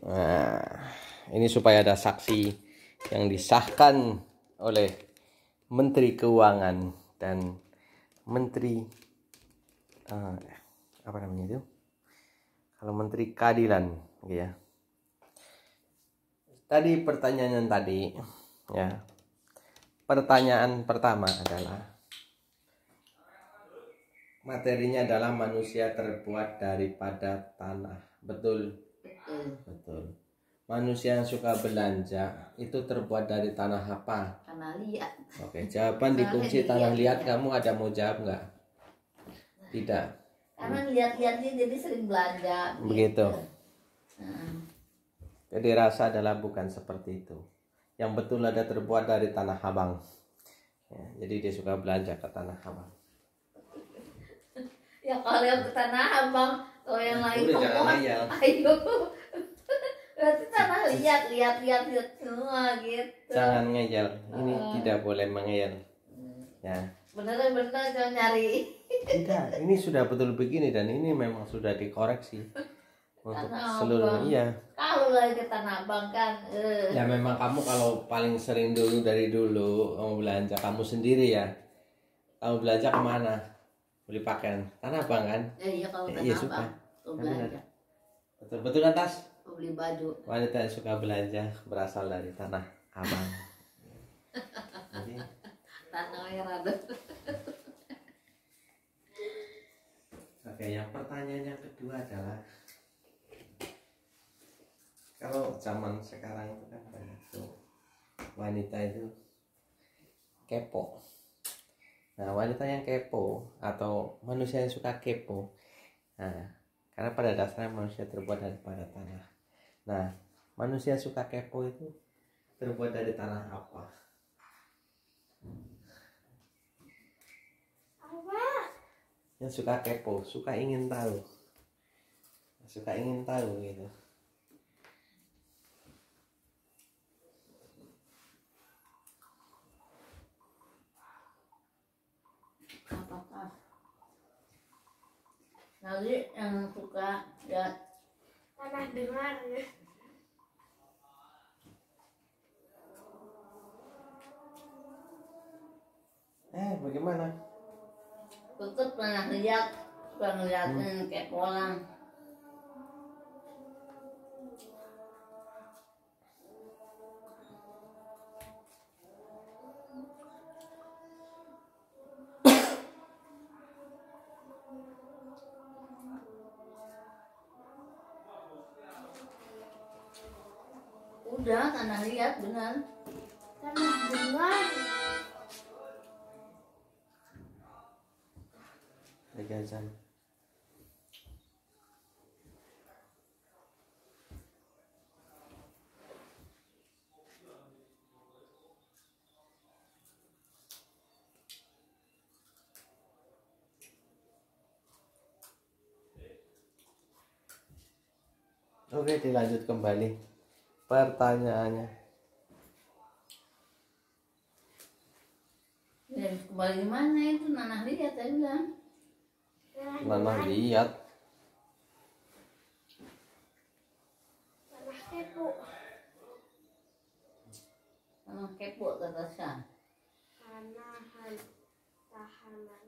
Nah, ini supaya ada saksi yang disahkan oleh Menteri Keuangan dan Menteri uh, apa namanya itu? Kalau Menteri Keadilan, gitu ya. Tadi pertanyaan yang tadi, ya. Pertanyaan pertama adalah materinya adalah manusia terbuat daripada tanah. Betul hmm. betul manusia yang suka belanja itu terbuat dari tanah apa tanah liat oke jawaban dikunci tanah liat, liat kamu ada mau jawab nggak tidak karena lihat-lihatnya jadi sering belanja begitu hmm. jadi rasa adalah bukan seperti itu yang betul ada terbuat dari tanah abang ya, jadi dia suka belanja ke tanah abang ya kalau yang ke tanah abang kalau yang nah, lain Udah, ayo berarti tanah lihat lihat lihat lihat semua gitu jangan ngeyel ini uh. tidak boleh mengeyel hmm. ya bener-bener jangan nyari tidak ini sudah betul begini dan ini memang sudah dikoreksi untuk tanah seluruh abang. iya kalau lagi ke tanah abang kan uh. ya memang kamu kalau paling sering dulu dari dulu kamu belanja kamu sendiri ya kamu belanja kemana beli pakaian tanah abang kan ya, iya kalau ya, tanah ya, abang iya, abang belanja betul betul kan tas aku beli baju wanita oh, yang suka belanja berasal dari tanah abang tanah tanah merah oke yang pertanyaan yang kedua adalah kalau zaman sekarang itu kan banyak tuh wanita itu kepo nah wanita yang kepo atau manusia yang suka kepo nah karena pada dasarnya manusia terbuat daripada tanah Nah, manusia suka kepo itu terbuat dari tanah apa? Apa? Yang suka kepo, suka ingin tahu. Suka ingin tahu gitu. Apakah? Nanti yang suka lihat Pernah dengar ya. Eh, bagaimana? tutup pernah lihat, pernah ngeliatin hmm. kayak polang. Udah tanah liat benar. Tanah benar. Lagi azan. Oke, dilanjut kembali pertanyaannya ya, bagaimana itu nanah lihat saya bilang nanah liat nanah kepo nanah kepo kata saya nanah tahanan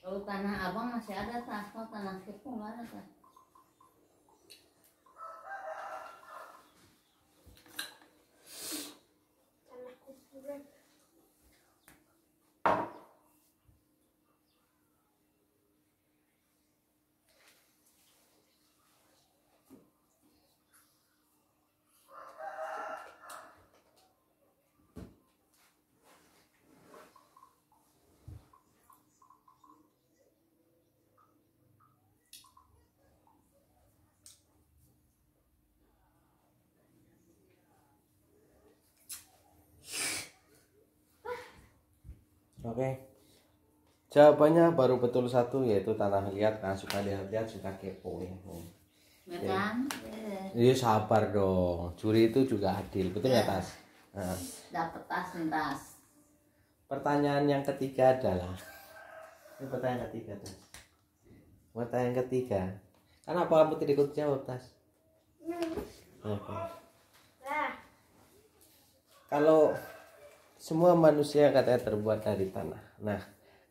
Kalau oh, tanah abang masih ada tas, kalau tanah sepuh nggak ada tas. Tanah kuburan. oke okay. jawabannya baru betul satu yaitu tanah liat nah suka lihat lihat suka kepo ya Okay. Ya. Iya sabar dong. Juri itu juga adil, betul nggak ya, iya. tas? Nah. Dapat tas tas. Pertanyaan yang ketiga adalah ini pertanyaan ketiga tas. Pertanyaan ketiga. Kenapa kamu tidak ikut jawab tas? Hmm. Okay. Kalau semua manusia katanya terbuat dari tanah. Nah,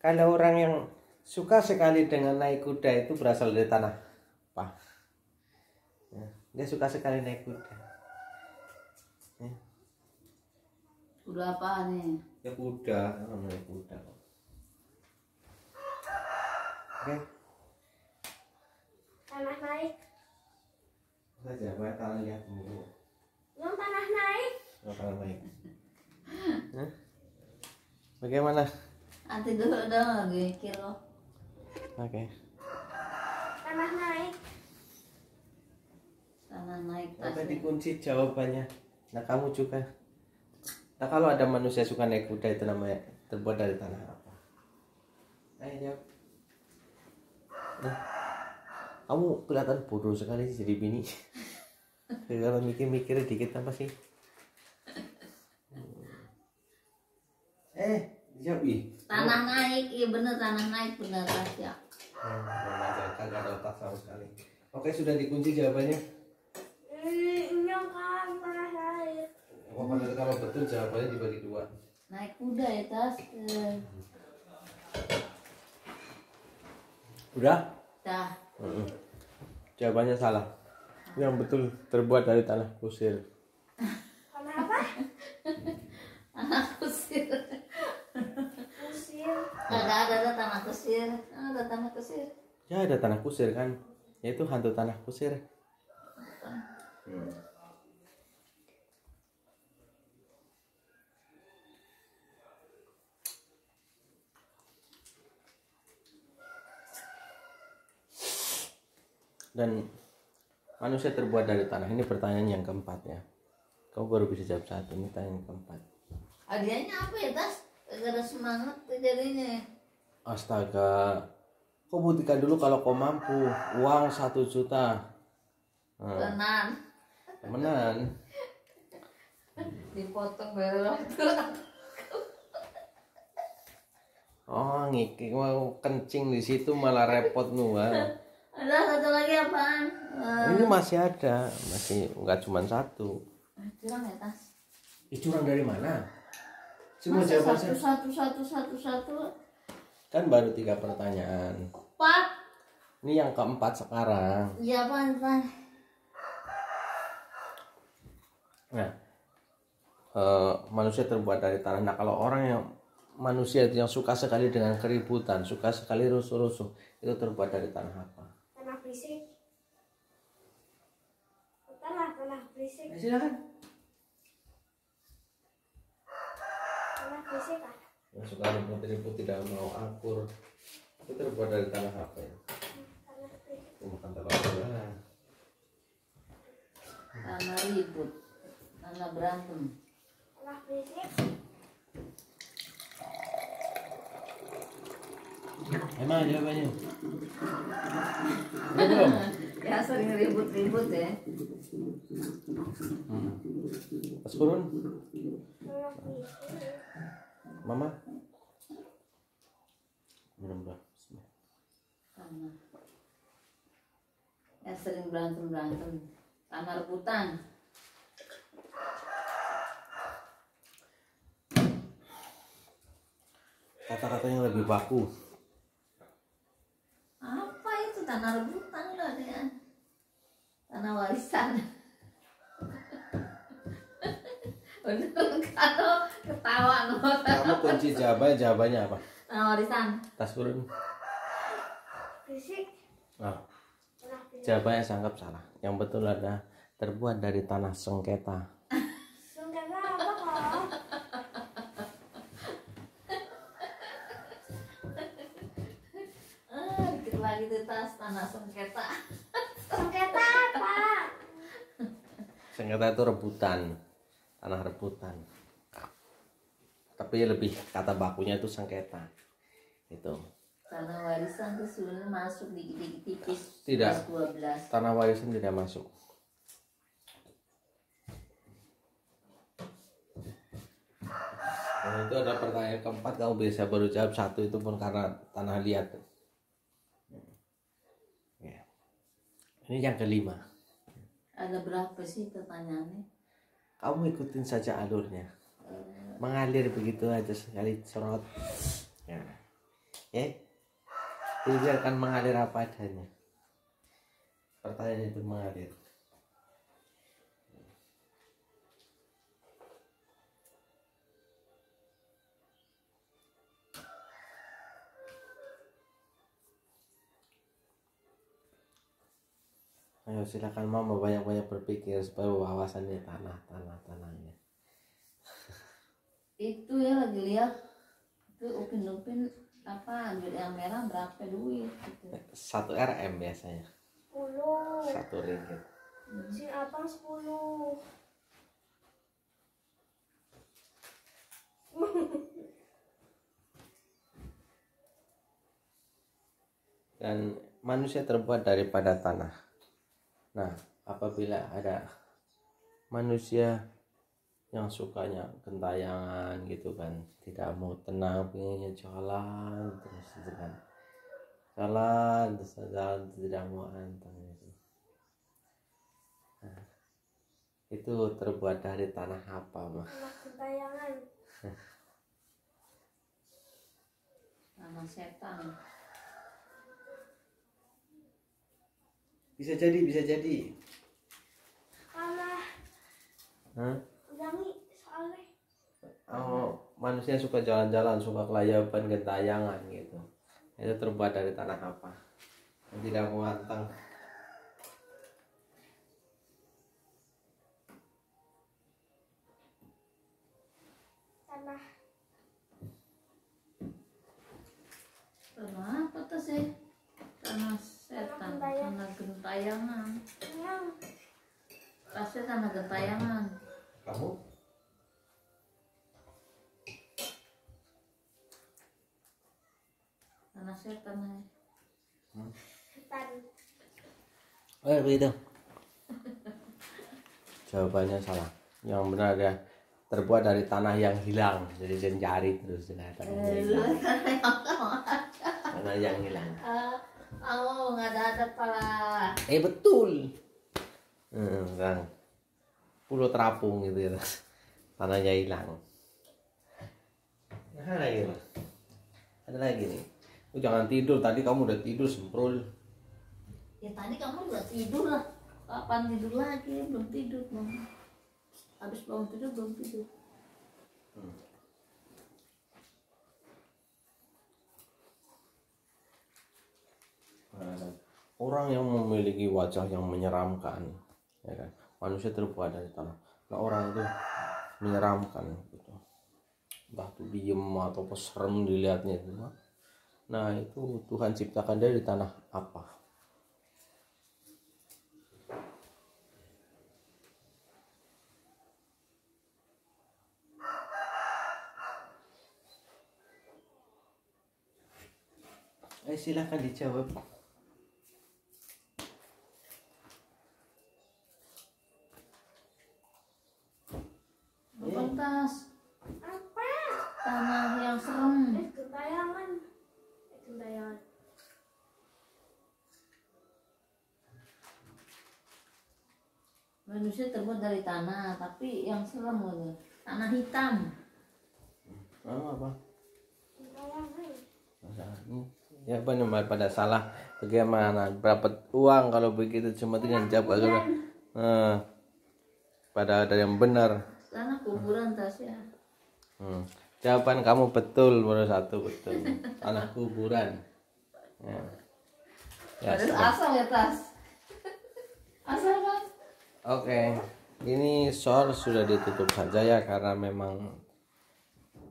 kalau orang yang suka sekali dengan naik kuda itu berasal dari tanah. Pak. Ya, dia suka sekali naik kuda. Kuda apa nih? Ya kuda, ya, naik kuda. Oke. Okay. Tanah naik. Saja, tanah lihat dulu. Yang tanah naik. Yang oh, tanah naik. Bagaimana? Nanti ah, dulu dong lagi kilo. Oke. Okay. Tanah naik. Tanah naik. Tapi dikunci jawabannya. Nah kamu juga. Nah kalau ada manusia suka naik kuda itu namanya terbuat dari tanah apa? Ayo jawab. Nah, kamu kelihatan bodoh sekali jadi bini. Kalau mikir-mikir dikit apa sih? naik iya bener tanah naik bener ya. hmm, membacakan ada otak sama sekali oke sudah dikunci jawabannya eh, Oh, kalau, kalau betul jawabannya dibagi dua naik kuda ya tas eh, udah dah mm -mm. jawabannya salah yang betul terbuat dari tanah kusir tanah apa tanah kusir kusir ada tanah kusir ah, ada ya ada tanah kusir kan yaitu hantu tanah kusir dan manusia terbuat dari tanah ini pertanyaan yang keempat ya kau baru bisa jawab saat ini tanya yang keempat hadiahnya apa ya tas gak ada semangat jadinya astaga kok buktikan dulu kalau kau mampu uang satu juta hmm. temenan dipotong belok Oh, ngikik mau kencing di situ malah repot nua. Ada satu lagi apaan? Uh... Ini masih ada, masih nggak cuma satu. Curang ya tas. curang dari mana? Cuma Masa jawabannya. Satu, satu, satu, satu, satu. Kan baru tiga pertanyaan. Empat. Ini yang keempat sekarang. Iya, pan. Nah, uh, manusia terbuat dari tanah. Nah, kalau orang yang manusia itu yang suka sekali dengan keributan, suka sekali rusuh-rusuh, itu terbuat dari tanah apa? Tanah berisik. Tanah, tanah berisik. Ya, silakan. Masuk angin putih ribut tidak mau akur itu terbuat dari tanah apa ya bukan tanah apa ya? tanah ribut tanah berantem tanah berisik Emang jawabannya? Ya belum? Ya sering ribut-ribut ya. Hmm. Pas Mama. Minum dah. Tanah. Yang sering berantem berantem, tanah rebutan. Kata-kata yang lebih baku. Apa itu tanah rebutan loh ya? Tanah warisan ketawa no. kamu kunci jawabannya jawabannya apa oh, warisan tas turun fisik nah. jawabannya sangkap salah yang betul ada terbuat dari tanah sengketa sengketa apa kok ah, lagi tas tanah sengketa sengketa apa sengketa itu rebutan tanah rebutan tapi lebih kata bakunya itu sengketa itu tanah warisan itu sebenarnya masuk di titik. tipis tidak 12. tanah warisan tidak masuk nah, itu ada pertanyaan keempat kamu bisa baru jawab satu itu pun karena tanah liat ya. ini yang kelima ada berapa sih pertanyaannya kamu ikutin saja alurnya mengalir begitu aja sekali cerot ya ya akan mengalir apa adanya pertanyaan itu mengalir Ayo silakan mama banyak-banyak berpikir supaya wawasannya tanah tanah tanahnya. Itu ya lagi lihat itu upin upin apa ambil yang merah berapa duit? Gitu. Satu RM biasanya. Sepuluh. Satu ringgit. Hmm. Si apa sepuluh. Dan manusia terbuat daripada tanah. Nah, apabila ada manusia yang sukanya gentayangan gitu kan, tidak mau tenang, pengennya jalan terus gitu kan. Jalan terus jalan tidak mau antang gitu. Nah, itu terbuat dari tanah apa, Mah? Gentayangan. tanah setan. Bisa jadi, bisa jadi. karena Hah? soalnya. Oh, manusia suka jalan-jalan, suka kelayaban, gentayangan gitu. Itu terbuat dari tanah apa? Yang tidak matang. Tanah. Tanah apa tuh sih? Tanah setan karena gentayangan pasti karena gentayangan kamu karena setan ya hmm? setan eh begitu jawabannya salah yang benar ya terbuat dari tanah yang hilang jadi dia cari terus dengan eh, tanah yang hilang tanah yang hilang eh, Oh, nggak ada pala. Eh betul. Hmm, kan. pulau terapung gitu ya. Tanahnya hilang. Nah, lagi mas. Ada lagi nih. Lu oh, jangan tidur. Tadi kamu udah tidur semprul. Ya tadi kamu udah tidur lah. Kapan tidur lagi? Belum tidur, Mama. Habis bangun tidur belum tidur. Hmm. orang yang memiliki wajah yang menyeramkan ya kan manusia terbuat dari tanah nah orang itu menyeramkan gitu entah itu diem atau serem dilihatnya itu nah itu Tuhan ciptakan dari tanah apa Eh, silahkan dijawab. dari tanah tapi yang serem tanah hitam oh, apa ya benar pada salah bagaimana berapa uang kalau begitu cuma dengan jawab aja nah, pada ada yang benar tanah kuburan tasya hmm. jawaban kamu betul baru satu betul tanah kuburan ya. Ya, asal ya tas asal kan oke okay ini soal sudah ditutup saja ya karena memang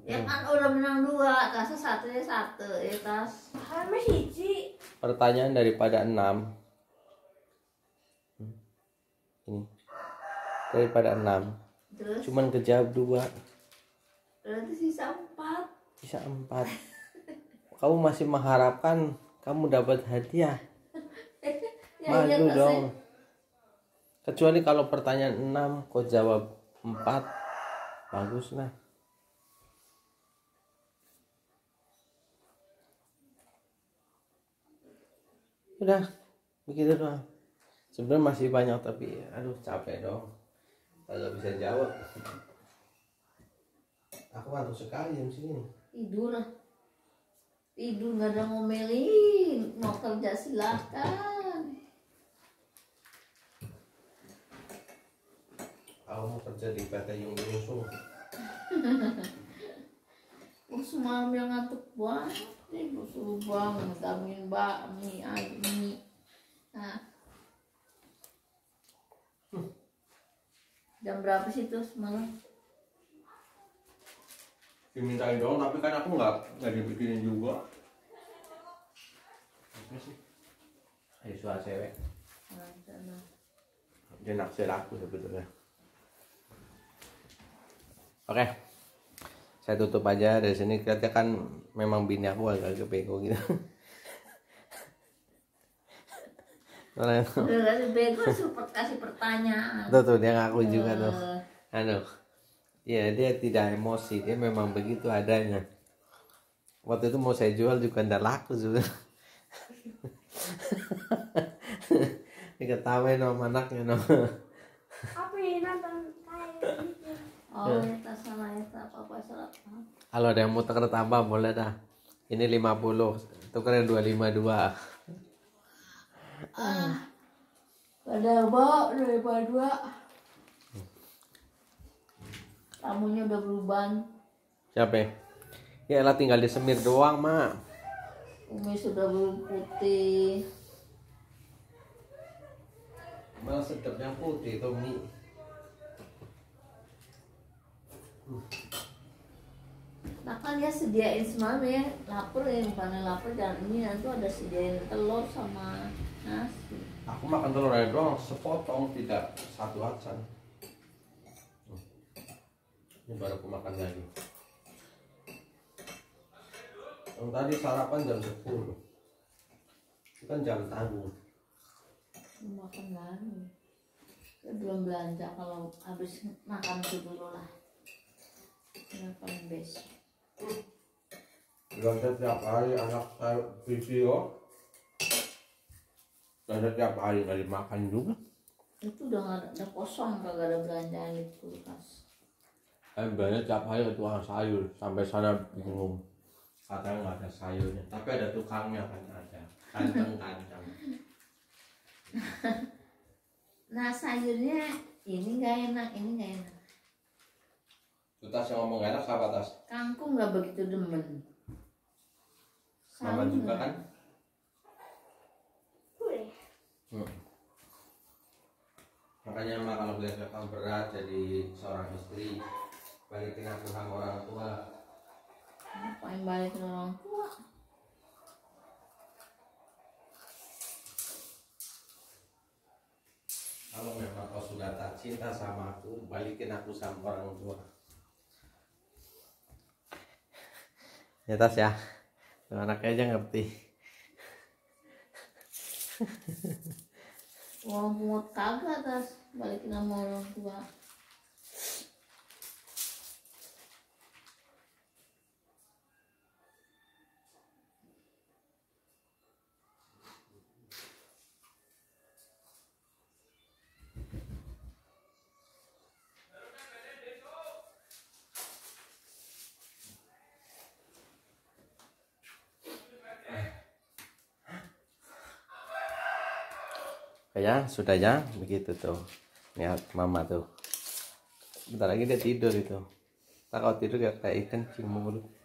ya kan oh, udah menang dua tas satu ya satu ya tas Harus hiji pertanyaan daripada enam hmm, ini daripada enam Terus? cuman kejawab dua berarti sisa empat sisa empat kamu masih mengharapkan kamu dapat hadiah ya, iya malu dong kecuali kalau pertanyaan 6 kau jawab 4 bagus nah udah begitu doang sebenarnya masih banyak tapi aduh capek dong kalau bisa jawab aku ngantuk sekali jam sini. tidur lah tidur nggak ada ngomelin mau kerja silahkan kamu kerja di PT Yung Yusu Bos malam yang ngantuk banget ini Bos lubang, ngedamin bak bakmi ayam, mie Nah hmm. Jam berapa sih tuh semalam? Dimintain dong, tapi kan aku nggak nggak dibikinin juga. Apa sih? Ayo suara cewek. Nah, dia naksir aku sebetulnya oke okay. saya tutup aja dari sini katanya kan memang bini aku agak kepeko gitu Orang kasih bego support kasih pertanyaan. Tuh tuh dia ngaku juga tuh. Eh. Aduh. ya dia tidak emosi dia memang begitu adanya. Waktu itu mau saya jual juga ndak laku Ini ketawa nomor anaknya no. Apa ini nonton kayak Oh, ya. Kalau ada yang mau tukar tambah boleh dah. Ini 50, tukar yang 252. Ah. Ada bawa 252. Tamunya udah berubah. Siapa? Ya lah tinggal disemir doang, Mak. Umi sudah belum putih. Malah sedapnya putih tuh, Mi. makan dia sediain semalam ya lapar ya bukannya lapar dan ini nanti ada sediain telur sama nasi aku makan telur aja doang sepotong tidak satu acan ini baru aku makan lagi yang tadi sarapan jam 10 itu kan jam tanggung makan lagi belum belanja kalau habis makan dulu lah Kenapa bes? setiap hari anak saya video. Dan setiap hari nggak dimakan juga. Itu udah ada kosong gak ada belanjaan di kulkas. Eh banyak tiap hari ke tukang sayur sampai sana bingung. Katanya nggak ada sayurnya, tapi ada tukangnya kan ada. Kantang-kantang. nah sayurnya ini nggak enak, ini nggak enak. Tutas yang ngomong enak siapa Tas? Kangkung nggak begitu demen. Sama juga kan? Boleh. Hmm. Makanya mak kalau belajar kamu berat jadi seorang istri balikin aku sama orang tua. Apa yang balikin orang tua? Kalau memang kau sudah tak cinta sama aku, balikin aku sama orang tua. di atas ya anaknya aja ngerti mau mau kagak atas balikin sama orang tua Ya, ya sudah ya begitu tuh lihat mama tuh bentar lagi dia tidur itu tak kalau tidur ya kayak ikan cium mulut